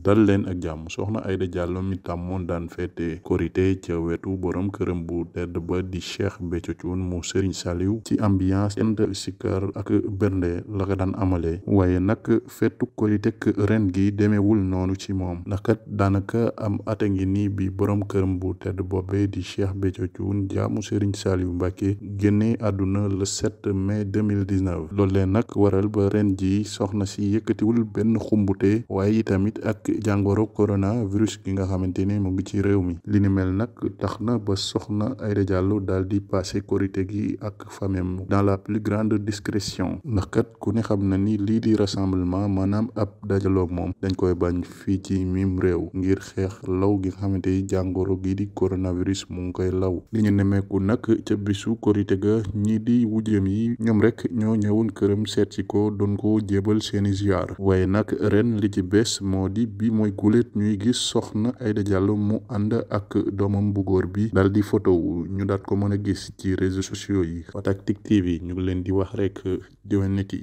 dal leen ak jàmm soxna Aida Diallo mi tàmmoon daan feete korité ca wetu boroom këram bu tedd ba di Cheikh Béthio Thioune mu Serigne Saliou ci ambiance si kër ak bernde la ko daan amalee waaye nag feetu korité ren gi demewul noonu ci moom ndax kat daanaka am ate ngi nii bi borom këram bu tedd boobee di Cheikh Béthio Thioune jaamu Serigne Saliou Mbacké génnee àdduna le 7 mai 2019 loolee nag waral ba ren ji soxna si yëkkatiwul benn xumbute waaye itamit ak jàngoro coronavirus gi nga xamante ne mu ngi ci réew mi li ni mel nag tax na ba soxna Aïda Diallo daal di passé korité gi ak famem dans la plus grande discrétion ndax kat ku ne xam na ni lii di rassemblement maanaam ab dajaloog moom dañ koy bañ fii ci mim réew ngir xeex law gi nga xamante ni jàngoro gi di coronavirus mu ngi koy law li ñu nemeeku nag ca bisu korité ga ñii di wujjëm yi ñoom rek ñoo ñëwoon këram seet si ko doon ko jébal seeni ziar waaye nag bi mooy guléet ñuy gis soxna Aïda Diallo mu ànd ak doomam bu góor bi dal di photo wu ñu daat ko mën a gis ci réseau sociaux yi Faatak Tic yi ñu ngi leen di wax rek yi